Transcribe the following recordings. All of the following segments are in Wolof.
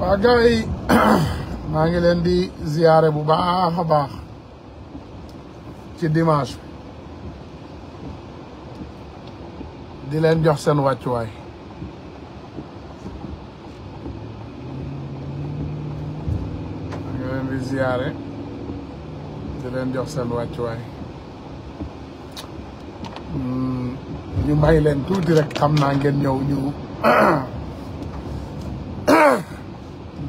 waa gars yi maa ngi leen di ziyaare bu baax a baax ci dimanche di leen jox seen wàccuwaay maa ngi leen di ziyaare di leen jox seen wàccuwaay hmm, ñu may leen tuuti rek xam naa ñëw ñu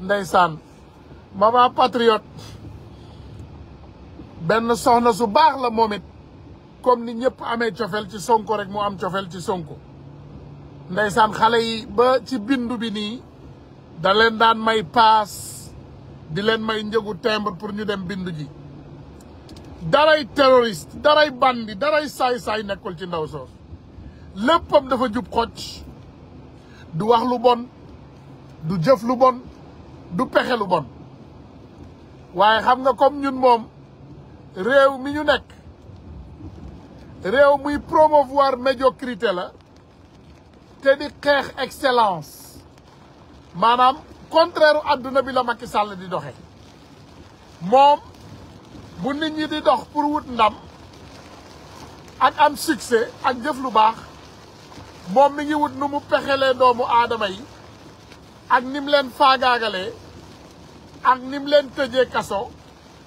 ndeysaan mama patriote benn soxna su baax la moom it comme ni ñëpp amee cofel ci sonko rek mu am cofel ci sonko ndeysaan xale yi ba ci bindu bi nii da leen daan may paas di leen may njëgu timbre pour ñu dem bindu ji daray terroriste daray bandi daray saay-saay nekkul ci ndaw soos léppam dafa jub xocc du wax lu bon du jëf lu bon du pexe lu bon waaye xam nga comme ñun moom réew mi ñu nekk réew muy promouvoir médiocrité la te di xeex excellence maanaam contraire àdduna bi la Macky sàll di doxe moom bu nit ñi di dox pour wut ndam ak am succès ak jëf lu baax moom mi ngi wut nu mu pexelee doomu aadama yi ak nim leen ak nim leen tëjee kaso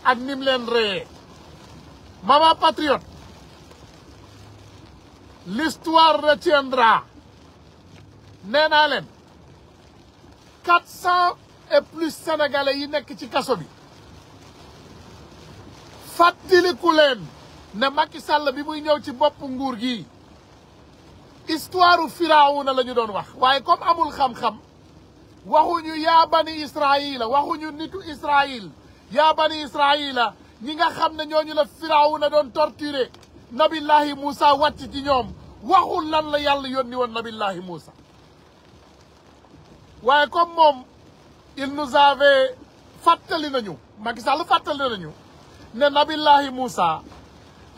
ak nim leen reyee mama patriote l'histoire retiendra nee naa leen quatre cent et yi nekk ci kaso bi fàttaliku leen ne Macky Sall bi muy ñëw ci bopp nguur gi histoire u Firawna lañu doon wax waaye comme amul xam-xam waxuñu yaa bani israila waxuñu nitu israil yaa bani israila ñi nga xam ne ñooñu la firawna doon torturé nabillahi moussa wàcc ci ñoom waxul lan la yàlla yónni woon nabillahi moussa waaye comme moom il nous avait fàttali nañu Macky Sall fàttali nañu ne nabillahi moussa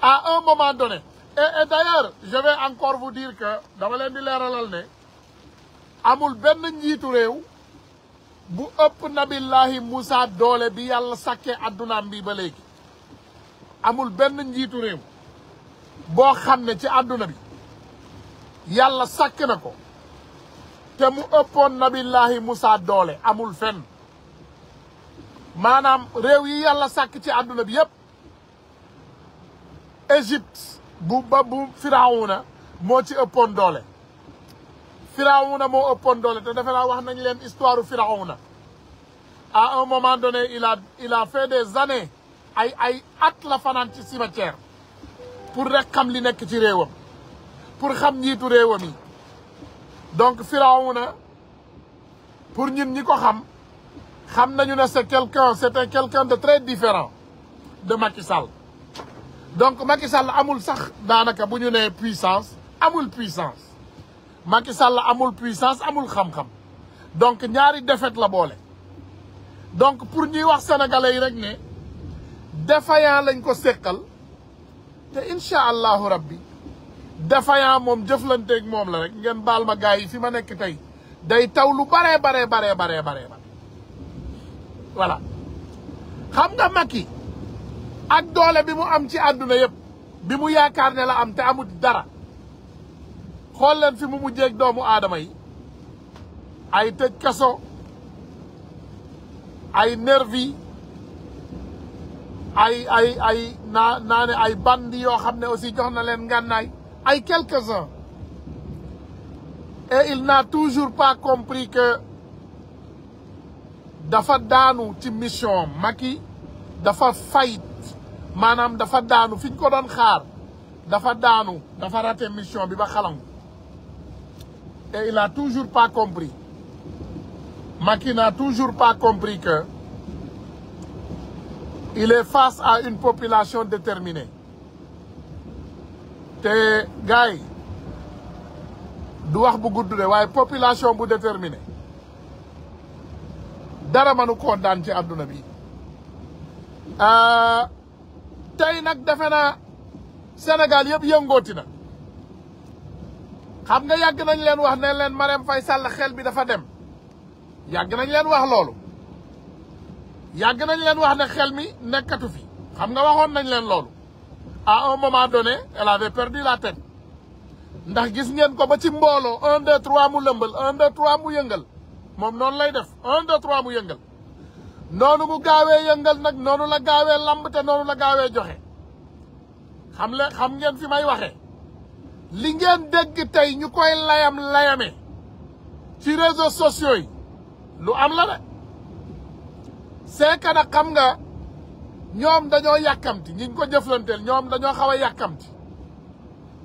à un moment donné et et d'ailleurs je encore vous dire que dama leen di leeralal ne amul benn njiitu réew bu ëpp nabillaahi Moussa doole bi yàlla sàkkee addunaam bi ba léegi amul benn njiitu réew boo xam ne ci àdduna bi yàlla sakk na ko te mu ëppoon nabillaahi Moussa doole amul fenn maanaam réew yi yàlla sakk ci àdduna bi yépp Égypte bu ba bu Firawuna moo ci ëppoon doole firawuna moo ëppoon doole te defe naa wax nañ leen histoire firawuna à un moment donné il a il a fait des années ay ay at la fanaan ci cimetière pour rek xam li nekk ci réewam pour xam njiitu réewam yi donc firawuna pour ñun ñi ko xam xam nañu ne c'est quelqu'un c'était quelqu'un de très différent de Macky donc Macky Sall amul sax daanaka bu ñu nee puissance amul puissance Macky Sall amul puissance amul xam-xam donc ñaari défaite la boole donc pour ñuy wax sénégalais yi rek ne défaillant lañ ko séqal te incha allahu rabbi défaillant moom jëflanteeg moom la rek ngeen baal ma gars yi fi ma nekk tey day taw lu baree baree baree baree baree ba voilà xam nga Macky ak doole bi mu am ci àdduna yëpp bi mu yaakaar ne la am te amut dara xool leen fi mu mujjee ak doomu aadama yi ay tëj kaso ay nervi ay ay ay naa naa ne ay bandi yoo xam ne aussi jox na leen ngànnaay ay quelques-uns et il n'a toujours pas compris que dafa daanu ci mission Macky dafa fayit maanaam dafa daanu fi ñu ko doon xaar dafa daanu dafa raté mission bi ba xalam et il n'a toujours pas compris. Macky n'a toujours pas compris que il est face à une population déterminée. te gars yi du wax bu gudd de waaye population bu déterminée dara mënu koo daan ci àdduna bi euh, tey nag defe na Sénégal yëpp yëngooti na. xam nga yàgg nañ leen wax ne leen Marème Faye Sall xel bi dafa dem yàgg nañ leen wax loolu yàgg nañ leen wax ne xel mi nekkatu fi xam nga waxoon nañ leen loolu à un moment donné elle avait perdu la tête ndax gis ngeen ko ba ci mbooloo un deux trois mu lëmbal un deux trois mu yëngal moom noonu lay def un deux trois mu yëngal noonu mu gaawee yëngal nag noonu la gaawee lamb te noonu la gaawee joxe xam le xam ngeen fi may waxee li ngeen dégg tey ñu koy layam layame ci réseaux sociaux yi lu am la de c'est que xam nga ñoom dañoo yàkkamti ñi ko jëflanteel ñoom dañoo xaw a yàkkamti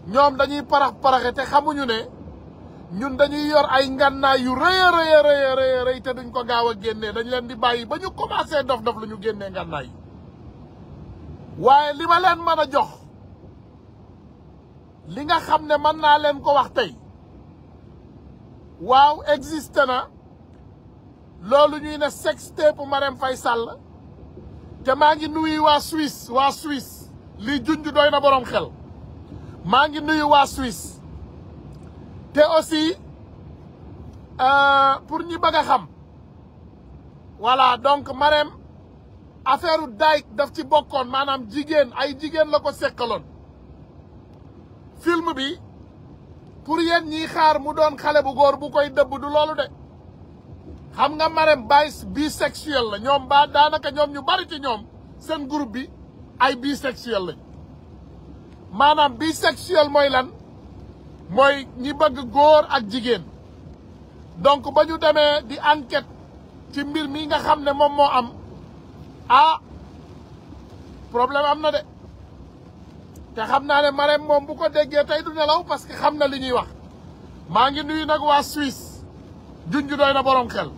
ñoom dañuy parax paraxe te xamuñu ne ñun dañuy yor ay ngànnaay yu rëy a rëy a rëy te duñ ko gaaw a génnee dañ leen di bàyyi ba ñu commencé dof dof lu ñu génnee ngànnaay waaye li ma leen man a jox. li nga xam ne man naa leen ko wax tey waaw existe na loolu ñuy ne sextape Marème fay Sall te maa ngi nuyu waa Suisse waa Suisse li junj doy na boroom xel maa ngi nuyu waa Suisse te aussi euh, pour ñi bëgg a xam voilà donc Marème affaire u daay daf ci bokkoon maanaam jigéen ay jigéen la ko sekkaloon film bi pour yéen ñiy xaar mu doon xale bu góor bu koy dëbb du loolu de xam nga Marème Baye bisexuel la ñoom ba daanaka ñoom ñu bari ci ñoom seen groupe bi ay bisexuel lañ maanaam bisexuel mooy lan mooy ñi bëgg góor ak jigéen donc ba ñu demee di enquête ci mbir mi nga xam ne moom moo am ah problème am na de te xam naa ne Marème moom bu ko déggee tey du nelaw parce que xam na li ñuy wax maa ngi nuyu nag waa Suisse junj doy na borom xel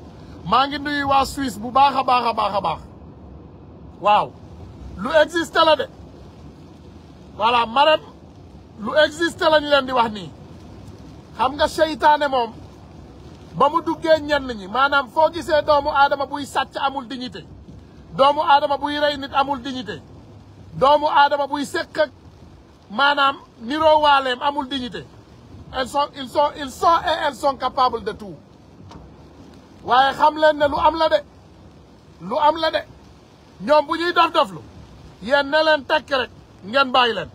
maa ngi nuyu waa Suisse bu baax a baax a baax a baax waaw lu existe la de voilà Marème lu existe lañ leen di wax nii xam nga seytaane moom ba mu duggee ñenn ñi maanaam foo gisee doomu aadama buy sàcc amul dignité doomu aadama buy rey nit amul dignité doomu aadama buy sekk maanaam niroo waaleem amul dignité elles sont ils sont ils sont et elles sont capables de tout waaye xam leen ne lu am la de lu am la de ñoom bu ñuy dof doflu yéen ne leen tekk rek ngeen bàyyi leen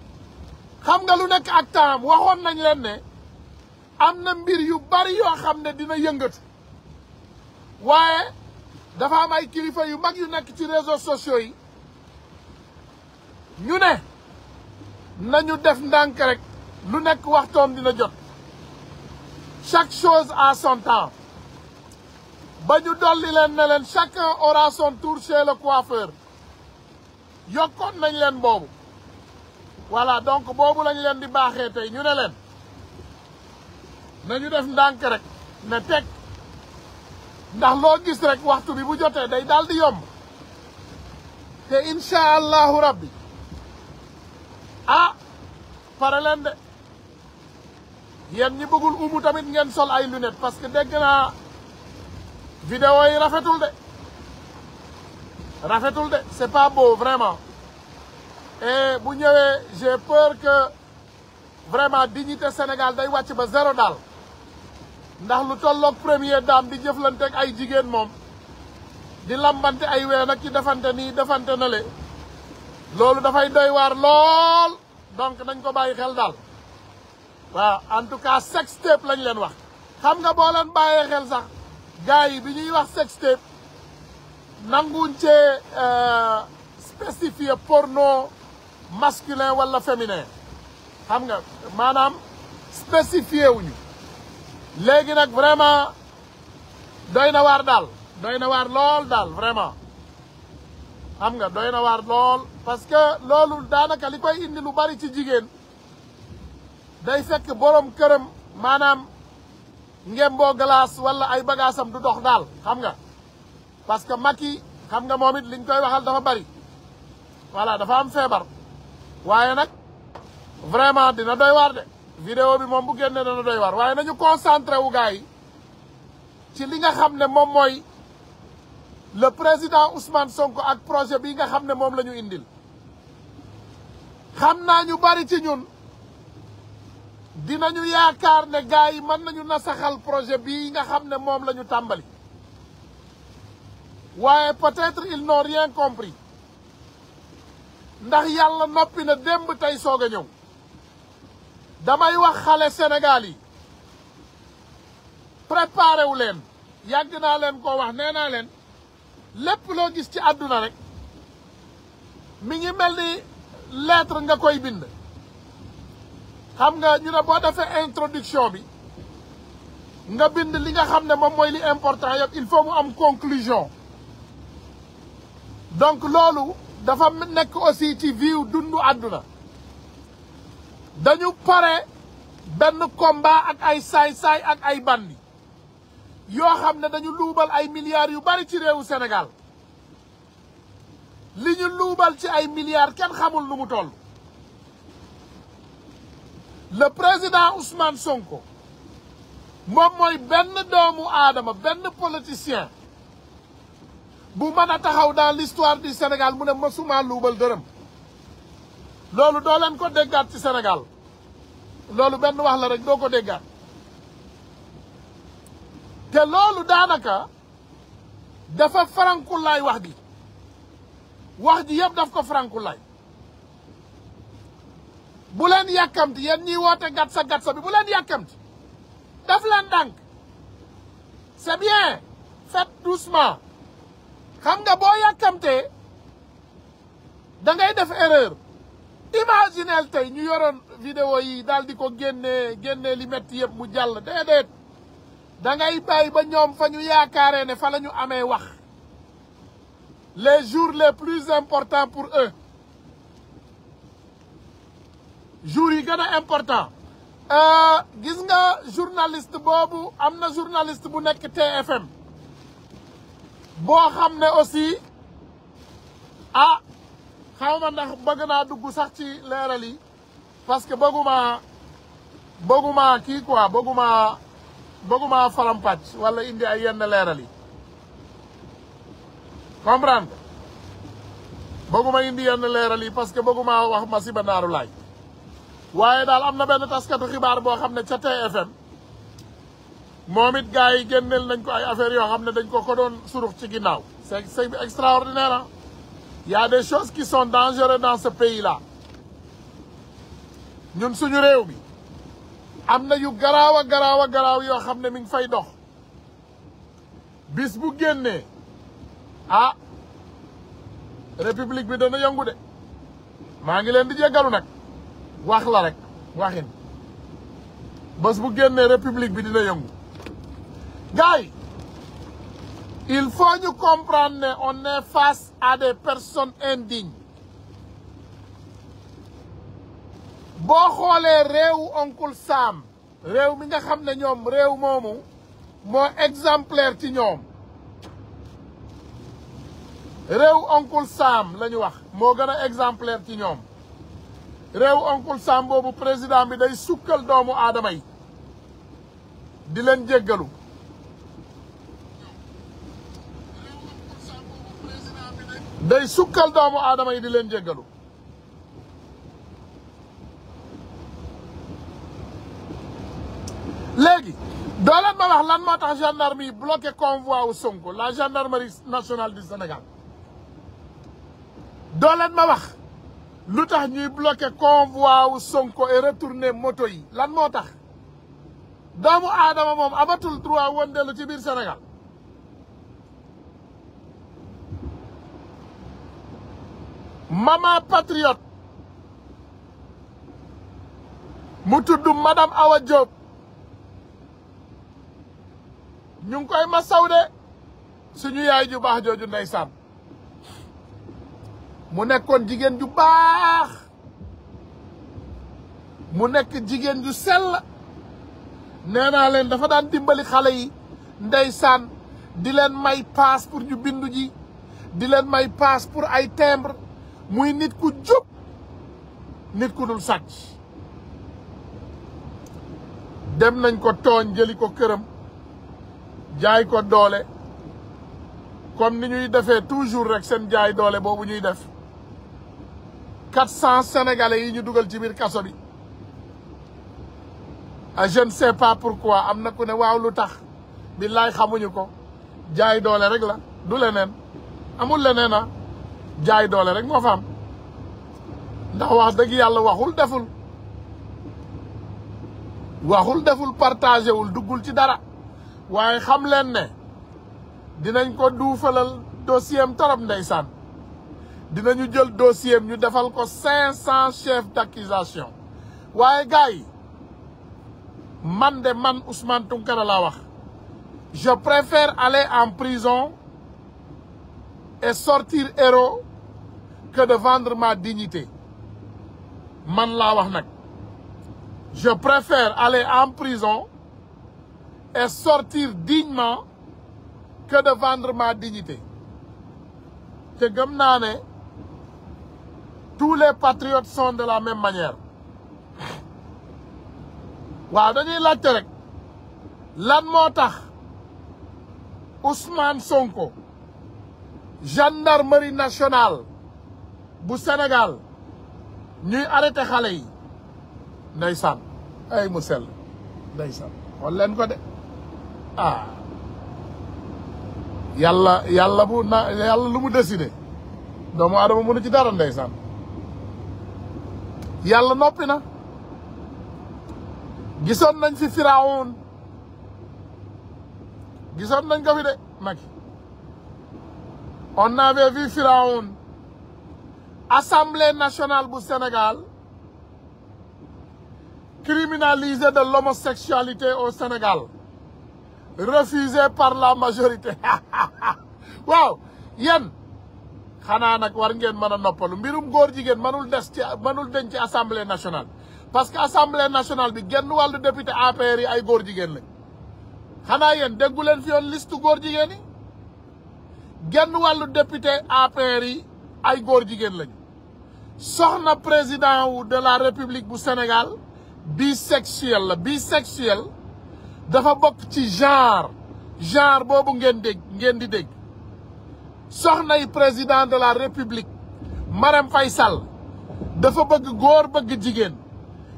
xam nga lu nekk ak temps waxoon nañ leen ne am na mbir yu bari yoo xam ne dina yëngatu waaye dafa am ay kilifa yu mag yu nekk ci réseaux sociaux yi ñu ne nañu def ndànk rek lu nekk waxtoom dina jot chaque chose à son temps ba ñu dolli leen ne leen chacun aura son tour chez le coiffeur yokkoon nañ leen boobu voilà donc boobu lañ leen di baaxee tey ñu ne leen ñu def ndànk rek ne teg ndax loo gis rek waxtu bi bu jotee day daal di yomb te incha allahu rabbi ah pare leen de yéen ñi bëggul umu tamit ngeen sol ay lunettes parce que dégg naa vidéo yi rafetul de rafetul de c'est pas beau vraiment e bu ñëwee j'ai peur que vraiment dignité Sénégal day wàcc ba zéro daal ndax lu tolloog premier dame di jëflante ak ay jigéen moom di lambante ay ween ak ci defante nii defante na le loolu dafay doy waar lool donc nañ ko bàyyi xel daal waaw en tout cas sextape lañ leen wax xam nga boo leen bàyyee xel sax gars yi bi ñuy wax sextape nanguñ cee euh, spécifier porno masculin wala féminin xam nga maanaam spécifié wuñu léegi nag vraiment doy na waar daal doy na waar lool daal vraiment xam nga doy na waar lool parce que loolu daanaka li koy indi lu bari ci jigéen day fekk borom këram maanaam ngemboo glace wala ay bagaasam du dox daal xam nga parce que Macky xam nga moom it liñ koy waxal dafa bari voilà dafa am feebar waaye nag vraiment dina doy waar de vidéo bi moom bu génnee dana doy waar waaye nañu concentré wu gars yi ci li nga xam ne moom mooy le président Ousmane Sonko ak projet bi nga xam ne moom la ñu indil xam naa ñu bari ci ñun dinañu yaakaar ne gars yi mën nañu nasaxal projet bi nga xam ne moom lañu tàmbali waaye peut-être ils n'ont rien compris ndax yàlla noppi na démb tey soog a ñëw damay wax xale Sénégal yi préparé wu leen yàgg naa leen koo wax nee naa leen lépp loo gis ci àdduna rek mi ngi mel ni lettre nga koy bind xam nga ñu ne boo defee introduction bi nga bind li nga xam ne moom mooy li important yëpp il faut mu am conclusion donc loolu dafa nekk aussi ci viiw dundu àdduna dañu pare benn combat ak ay saay-saay ak ay bandi yoo xam ne dañu luubal ay milliards yu bari ci réewu Sénégal li ñu luubal ci ay milliards kenn xamul lu mu toll le président Ousmane Sonko moom mooy benn doomu aadama benn politicien bu mën a taxaw dans l'histoire du Sénégal mu ne mësuma luubal dërëm loolu doo leen ko déggaat ci Sénégal loolu benn wax la rek doo ko déggaat te loolu daanaka dafa farankulaay wax gi wax ji yëpp daf ko farankulaay bu leen yàkkamti yéen ñiy woote gat sa gat sa bi bu leen yàkkamti daf leen dànk c'est bien faites doucement xam nga boo yàkkamtee da ngay def erreur imaginel tey ñu yoroon vidéo yi daal di ko génnee génnee li metti yëpp mu jàll déedéet da ngay bàyyi ba ñoom fa ñu yaakaaree ne fa la ñu amee wax les jour les plus importants pour eux jours yi gën a important euh, gis nga journaliste boobu am na journaliste bu nekk TFM boo xam ne aussi ah xaw ma ndax bëgg naa dugg sax ci leeral yi parce que bëgguma bëgguma kii quoi bëgguma bëgguma falampàcc wala indi ay yenn leeral yi comprendre bëgguma indi yenn leeral yi parce que bëgguma wax ma si ba naaru laaj waaye daal am na benn taskatu xibaar boo xam ne ca TFM moom it gars yi génneel nañ ko ay affaires yoo xam ne dañ ko ko doon surux ci ginnaaw c'est c'est extraordinaire ah y des choses qui sont dangereuses dans ce pays là ñun suñu réew mi am na yu garaaw a garaaw a garaaw yoo xam ne mi ngi fay dox bis bu génnee ah république bi dana yëngu de maa ngi leen di jegalu nag wax la rek waxin bés bu génnee république bi dina yëngu gars yi il faut ñu comprendre ne on est face à des personnes indignes boo xoolee réewu onkul Sam réew mi nga xam ne ñoom réew moomu moo exemplaire ci ñoom réew oncle Sam la wax moo gën a exemplaire ci ñoom réew onkul Sam boobu président bi day sukkal doomu aadama yi di leen jéggalu day sukkal doomu aadama yi di leen jéggalu léegi doo ma wax lan moo tax gendarme yi bloqué convoi wu Sonko la gendarmerie nationale du Sénégal doo ma wax lu tax ñuy bloqué convoi wu Sonko et retourné moto yi lan moo tax doomu aadama moom amatul droit wëndeelu ci biir Sénégal maman patriote mu tudd madame Awa Diop ñu ngi koy masaw de suñu yaay ju baax jooju ndeysaan mu nekkoon jigéen ju baax mu nekk jigéen ju sell nee naa leen dafa daan dimbali xale yi ndeysaan di leen may paas pour ñu bindu ji di leen may paas pour ay timbre muy nit ku jub nit ku dul sàcc dem nañ ko tooñ jëli ko këram jaay ko doole comme ni ñuy defee toujours rek seen jaay doole boobu ñuy def quatre cent sénégalais yi ñu dugal ci biir kaso bi ah je ne sais pas pourquoi am na ku ne waaw lu tax billaay xamuñu ko jaay doole rek la du leneen amul leneen a ah. jaay doole rek moo fa am ndax wax dëgg yàlla waxul deful waxul deful partagé wul duggul ci dara waaye xam leen ne dinañ ko duufalal dossier am torop ndeysaan dinañu jël dossier ñu defal ko cinq cent chefs d'accusation waaye gars man de man Ousmane Tounkara laa wax je préfère aller en prison et sortir héros que de vendre dignité man la wax nag je préfère aller en prison et sortir dignement que de vendre dignité te gëm naa ne tous les patriotes sont de la même manière waaw dañuy laajte rek lan moo tax Ousmane Sonko gendarmerie nationale bu Sénégal ñuy arrêté xale yi ndeysaan ay mu sell ndeysaan xool leen de ah yàlla yàlla bu na yàlla lu mu décidé doomu aadama mënu ci dara ndeysaan yàlla noppi na gisoon nañ fi firaawun gisoon nañ ko fi de Macky on avait vu firaawun assemblée nationale bu Sénégal criminaliser de l'homosexualité au Sénégal refusé par la majorité waaw yan xanaa nag war ngeen mën a noppalu mbirum góor jigéen mënul des ci manul denc ci assemblée nationale parce que assemblée nationale bi genn wàllu député APR yi ay góor jigéen lañ xanaa yéen déggu leen fi yoon liste góor jigéen yi genn wàllu député APR yi ay góor jigéen lañ soxna président wu de la république bu Sénégal bisexuel la bisexuel dafa bokk ci genre genre boobu ngeen dégg ngeen di dégg soxnay président de la république Marème fay Sall dafa bëgg góor bëgg jigéen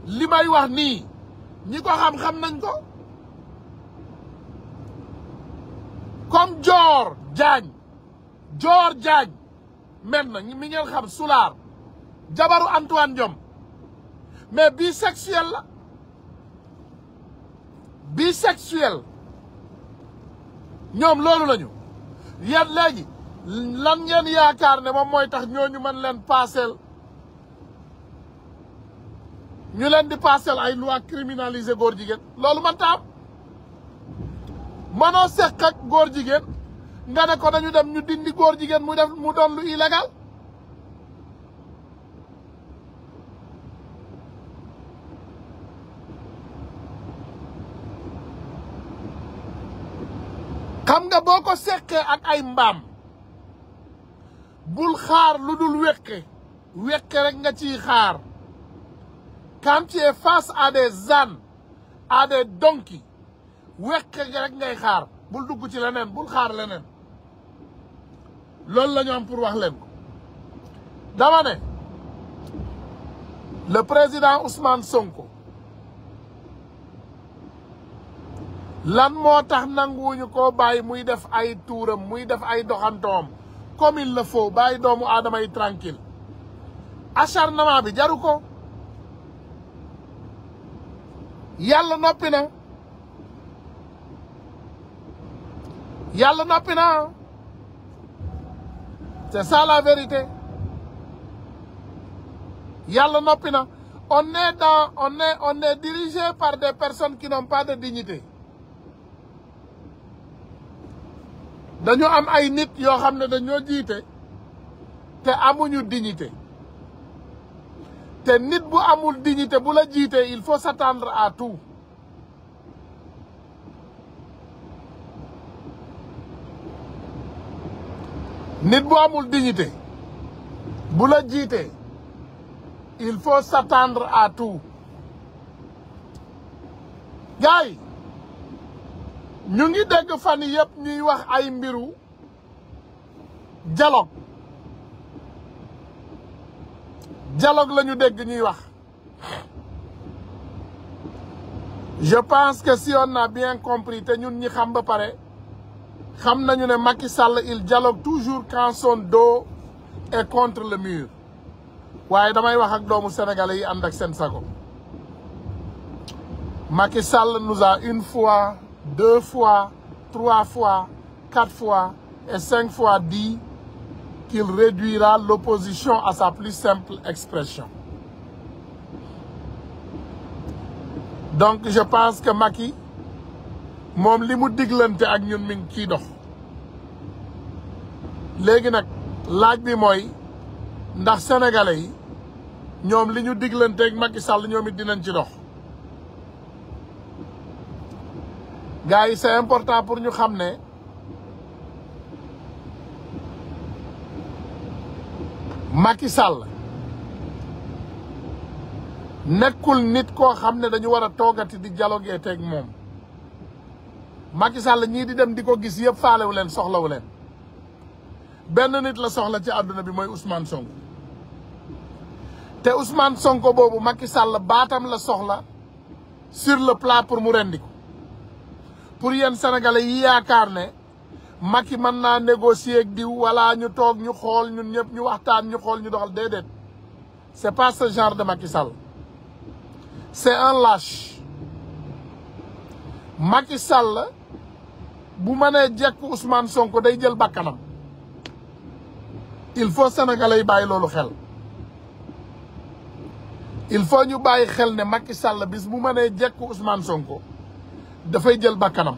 li may wax nii ñi ko xam-xam nañ ko comme Dior Diagne Dior Diagne mel na mi ngeen xam Sulaar jabaru Antoine Diome mais bisexuel la bisexuel ñoom loolu lañu yan léegi lan ngeen yaakaar ne moom mooy tax ñooñu man leen paaseel ñu leen di paaseel ay loi criminaliser góor jigéen loolu man taam manoo seq ak góor jigéen nga ne ko dañu dem ñu dindi góor jigéen mu def mu doon lu illégal xam nga boo ko seqee ak ay mbaam bul xaar lu dul weqe weqe rekk nga ci xaar quand tu es face à des ânes à des donkeys weqe rek ngay xaar bul dugg ci leneen bul xaar leneen loolu la ñu am pour wax leen ko dama ne le président Ousmane Sonko lan moo tax nanguwuñu ko bàyyi muy def ay tuuram muy def ay doxantoom comme il le faut bàyyi doomu aadama yi tranquille acharnement bi jaru ko yàlla noppi na yàlla noppi na c'est ça la vérité yàlla noppi na on est dans on est on est dirigé par des personnes qui n'ont de dignité dañu am ay nit yoo xam ne dañoo jiite te amuñu dignité te nit bu amul dignité bu la jiitee il faut s'attendre à tout nit bu amul dignité bu la jiite il faut s'attendre à tout gars ñu ngi dégg fan yëpp ñuy wax ay mbiru dialogue dialogue lañu dégg ñuy wax je pense que si on bien compris te ñun ñi xam ba pare xam nañu ne Macky Sall il dialogue toujours quand son dos est contre le mur waaye damay wax ak doomu sénégalais yi ànd ak seen sago Macky Sall nous a une fois deux fois, trois fois, quatre fois et cinq fois dit qu'il réduira l'opposition à sa plus simple expression. donc je pense que Macky moom li mu diglante ak ñun mi ngi ciy dox léegi nag laaj bi mooy ndax sénégalais yi ñoom li ñu diglante ak Macky Sall ñoom it dinañ ci dox gars yi c'est important pour ñu xam ne Macky Sall nekkul nit koo xam ne dañu war a toogati di gee teeg moom Macky Sall ñii di dem di ko gis yëpp faalewu leen soxlawu leen benn nit la soxla ci àdduna bi mooy Ousmane Sonko te Ousmane Sonko boobu Macky Sall baatam la soxla sur le plat pour mu rendi ko pour yéen sénégalais yi yaakaar ne Macky mën naa négocier ak diw wala ñu toog ñu xool ñun ñëpp ñu waxtaan ñu xool ñu doxal déedéet c'est pas ce genre de Macky Sall c'est un lâche makki Sall bu mënee jekk Ousmane Sonko day jël bakkanam il faut sénégalais yu bàyyi loolu xel il faut ñu bàyyi xel ne Macky Sall bis bu mënee jekk Ousmane Sonko. dafay jël bakkanam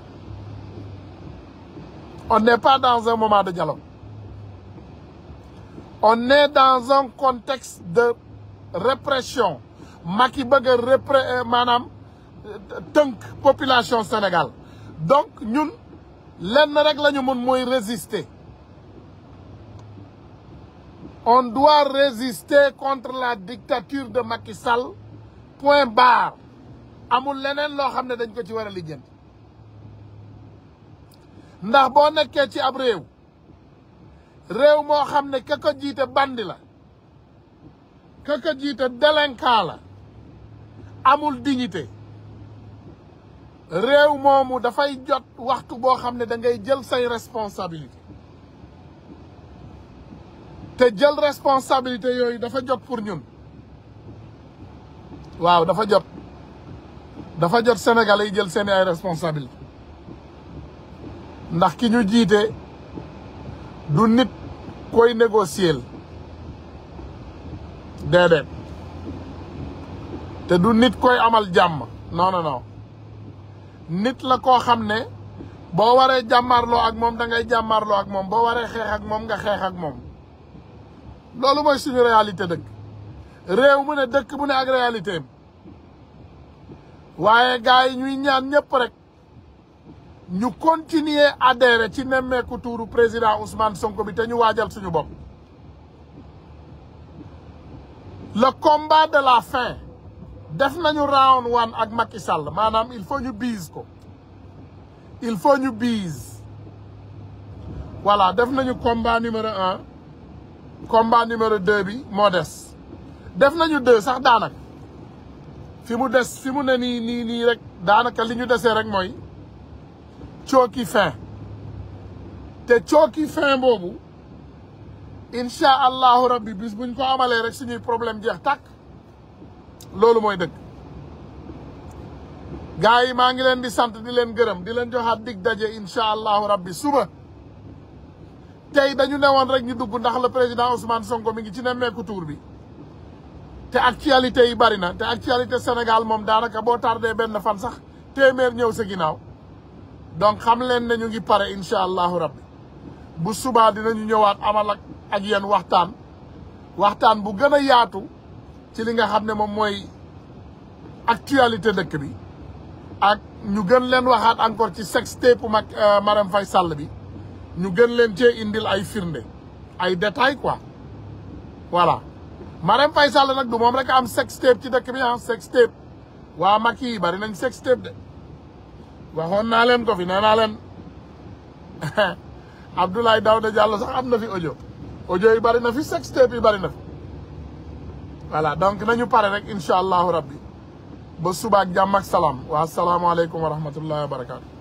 on n'est pas dans un moment de dialogue on est dans un contexte de répression Macky bëgg a répré euh, maanaam euh, tënk population Sénégal donc ñun lenn rek lañu ñu mun mooy résister on doit résister contre la dictature de Macky Sall point barre amul leneen loo xam ne dañ ko ci war a lijjanti ndax boo nekkee ci ab réew réew moo xam ne ka ko jiite bandi la ka ko jiite délinquant la amul dignité réew moomu dafay jot waxtu boo xam ne dangay jël say responsabilité te jël responsabilité yooyu dafa jot pour ñun waaw dafa jot dafa jot Sénégalais yi jël seeni ay responsabilité ndax ki ñu jiite du nit koy négocier déedéet te du nit koy amal jàmm non non nit la koo xam ne boo waree jàmmarloo ak moom da ngay jàmmarloo ak moom boo waree xeex ak moom nga xeex ak moom loolu mooy suñu réalité dëkk réew mu ne dëkk bu ne ak réalité waaye gars yi ñuy ñaan ñëpp rek ñu continuer adhérer ci nemmeeku tuuru président Ousmane Sonko bi te ñu waajal suñu bopp. la combat de la fin def nañu round one ak Macky Sall maanaam il faut ñu bise ko il faut ñu bise voilà def nañu combat numéro un combat numéro deux bi moo des def nañu deux sax daanak fi mu des fi mu ne nii nii nii rek daanaka li ñu desee rek mooy cooki fin te cooki fin boobu incha allahu rabbi bis ñu ko amalee rek suñuy problème jeex tàkk loolu mooy dëgg gars yi maa ngi leen di sant di leen gërëm di leen joxaat dig daje incha allahu rabbi suba tey dañu woon rek ñu dugg ndax le président Ousmane Sonko mi ngi ci nemmeeku tuur bi te actualité yi bari na te actualité Sénégal moom daanaka boo tardé benn fan sax téeméer ñëw sa ginnaaw donc xam leen ne ñu ngi pare incha allahu rabbi bu subaa ñu ñëwaat amal ak ak waxtaan waxtaan bu gën a yaatu ci li nga xam ne moom mooy actualité dëkk bi ak ñu gën leen waxaat encore ci sextape mag euh, Marème Faye sàll bi ñu gën leen cee indil ay firnde ay détails quoi voilà Marème Faye Sall nag du moom rek am sex tape ci dëkk bi ah sex tape waa Macky yi bari nañ sex tape de waxoon naa leen ko fi nee naa leen Abdoulaye Daouda Diallo sax am na fi audio audio yi bari na fi sex tape yi bari na fi voilà donc nañu pare rek incha allahu rabbi ba suba ak jàmm ak salaam wa salaamu aleykum wa rahmatullahi wa barakaatu.